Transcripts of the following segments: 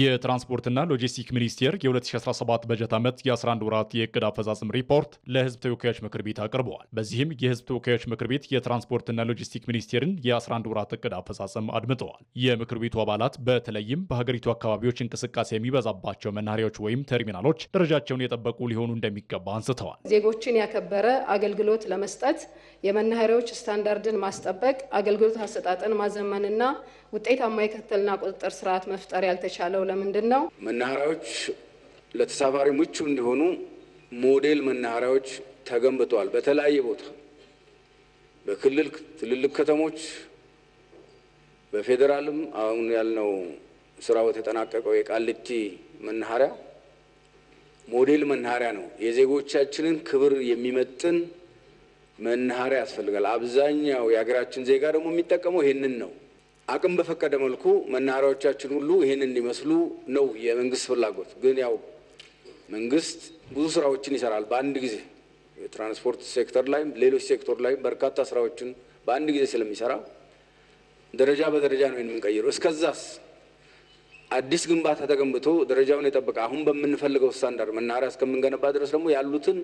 የትራንስፖርትና ሎጂስቲክ ሚኒስቴር የ2017 በጀት ዓመት የ11 ወራት የእቅድ አፈጻጽም ሪፖርት ለህዝብ ተወካዮች ምክር ቤት አቅርበዋል። በዚህም የህዝብ ተወካዮች ምክር ቤት የትራንስፖርትና ሎጂስቲክ ሚኒስቴርን የ11 ወራት እቅድ አፈጻጽም አድምጠዋል። የምክር ቤቱ አባላት በተለይም በሀገሪቱ አካባቢዎች እንቅስቃሴ የሚበዛባቸው መናኸሪያዎች ወይም ተርሚናሎች ደረጃቸውን የጠበቁ ሊሆኑ እንደሚገባ አንስተዋል። ዜጎችን ያከበረ አገልግሎት ለመስጠት የመናኸሪያዎች ስታንዳርድን ማስጠበቅ፣ አገልግሎት አሰጣጠን ማዘመንና ውጤታማ የክትትልና ቁጥጥር ስርዓት መፍጠር ያልተቻለው ለምንድን ነው? መናኸሪያዎች ለተሳፋሪ ምቹ እንዲሆኑ ሞዴል መናኸሪያዎች ተገንብተዋል። በተለያየ ቦታ በክልል ትልልቅ ከተሞች፣ በፌዴራልም አሁን ያልነው ስራው የተጠናቀቀው የቃሊቲ መናኸሪያ ሞዴል መናኸሪያ ነው። የዜጎቻችንን ክብር የሚመጥን መናኸሪያ ያስፈልጋል። አብዛኛው የሀገራችን ዜጋ ደግሞ የሚጠቀመው ይህንን ነው። አቅም በፈቀደ መልኩ መናኸሪያዎቻችን ሁሉ ይህን እንዲመስሉ ነው የመንግስት ፍላጎት። ግን ያው መንግስት ብዙ ስራዎችን ይሰራል በአንድ ጊዜ የትራንስፖርት ሴክተር ላይም ሌሎች ሴክተር ላይም በርካታ ስራዎችን በአንድ ጊዜ ስለሚሰራ ደረጃ በደረጃ ነው የምንቀይረው። እስከዛስ አዲስ ግንባታ ተገንብቶ ደረጃውን የጠበቀ አሁን በምንፈልገው ስታንዳርድ መናኸሪያ እስከምንገነባ ድረስ ደግሞ ያሉትን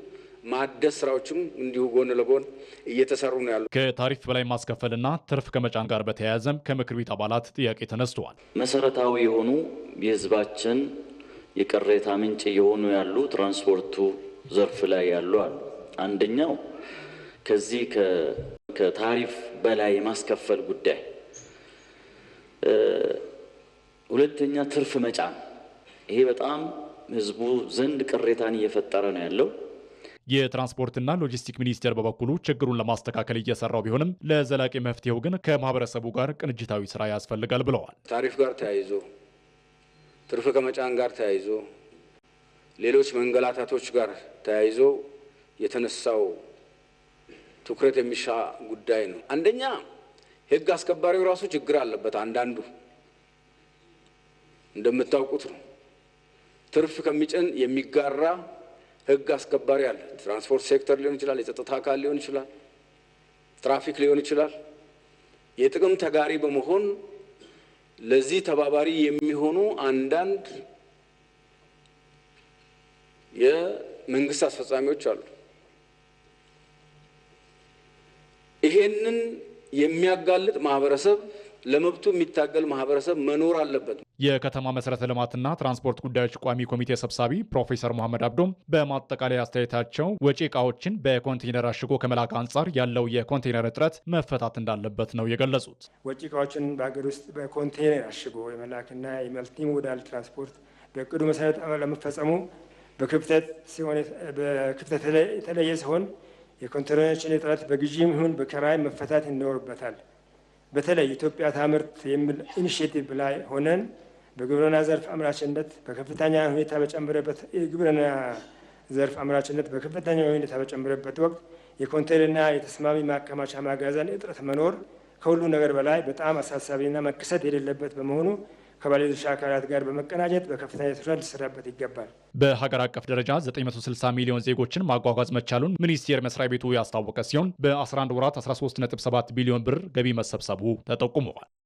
ማደስ ስራዎችም እንዲሁ ጎን ለጎን እየተሰሩ ነው ያሉ። ከታሪፍ በላይ ማስከፈልና ትርፍ ከመጫን ጋር በተያያዘም ከምክር ቤት አባላት ጥያቄ ተነስተዋል። መሰረታዊ የሆኑ የህዝባችን የቅሬታ ምንጭ የሆኑ ያሉ ትራንስፖርቱ ዘርፍ ላይ ያሉ አሉ። አንደኛው ከዚህ ከታሪፍ በላይ የማስከፈል ጉዳይ ሁለተኛ ትርፍ መጫን፣ ይሄ በጣም ህዝቡ ዘንድ ቅሬታን እየፈጠረ ነው ያለው። የትራንስፖርትና ሎጂስቲክ ሚኒስቴር በበኩሉ ችግሩን ለማስተካከል እየሰራው ቢሆንም ለዘላቂ መፍትሄው ግን ከማህበረሰቡ ጋር ቅንጅታዊ ስራ ያስፈልጋል ብለዋል። ታሪፍ ጋር ተያይዞ ትርፍ ከመጫን ጋር ተያይዞ ሌሎች መንገላታቶች ጋር ተያይዞ የተነሳው ትኩረት የሚሻ ጉዳይ ነው። አንደኛ ህግ አስከባሪው ራሱ ችግር አለበት። አንዳንዱ እንደምታውቁት ነው። ትርፍ ከሚጭን የሚጋራ ህግ አስከባሪ አለ። ትራንስፖርት ሴክተር ሊሆን ይችላል፣ የጸጥታ አካል ሊሆን ይችላል፣ ትራፊክ ሊሆን ይችላል። የጥቅም ተጋሪ በመሆን ለዚህ ተባባሪ የሚሆኑ አንዳንድ የመንግስት አስፈጻሚዎች አሉ። ይሄንን የሚያጋልጥ ማህበረሰብ ለመብቱ የሚታገል ማህበረሰብ መኖር አለበት። የከተማ መሰረተ ልማትና ትራንስፖርት ጉዳዮች ቋሚ ኮሚቴ ሰብሳቢ ፕሮፌሰር መሐመድ አብዶም በማጠቃለያ አስተያየታቸው ወጪ እቃዎችን በኮንቴይነር አሽጎ ከመላክ አንጻር ያለው የኮንቴይነር እጥረት መፈታት እንዳለበት ነው የገለጹት። ወጪ እቃዎችን በሀገር ውስጥ በኮንቴይነር አሽጎ የመላክና የመልቲ ሞዳል ትራንስፖርት በእቅዱ መሰረት ለመፈጸሙ በክፍተት የተለየ ሲሆን የኮንቴይነሮችን እጥረት በግዢም ይሁን በከራይ መፈታት ይኖርበታል። በተለይ ኢትዮጵያ ታምርት የሚል ኢኒሽቲቭ ላይ ሆነን በግብርና ዘርፍ አምራችነት በከፍተኛ ሁኔታ በጨምረበት የግብርና ዘርፍ አምራችነት በከፍተኛ ሁኔታ በጨምረበት ወቅት የኮንቴይነርና የተስማሚ ማከማቻ ማጋዘን እጥረት መኖር ከሁሉ ነገር በላይ በጣም አሳሳቢና መከሰት የሌለበት በመሆኑ ከባለድርሻ አካላት ጋር በመቀናጀት በከፍተኛ ስራ ሊሰራበት ይገባል። በሀገር አቀፍ ደረጃ 960 ሚሊዮን ዜጎችን ማጓጓዝ መቻሉን ሚኒስቴር መስሪያ ቤቱ ያስታወቀ ሲሆን በ11 ወራት 137 ቢሊዮን ብር ገቢ መሰብሰቡ ተጠቁመዋል።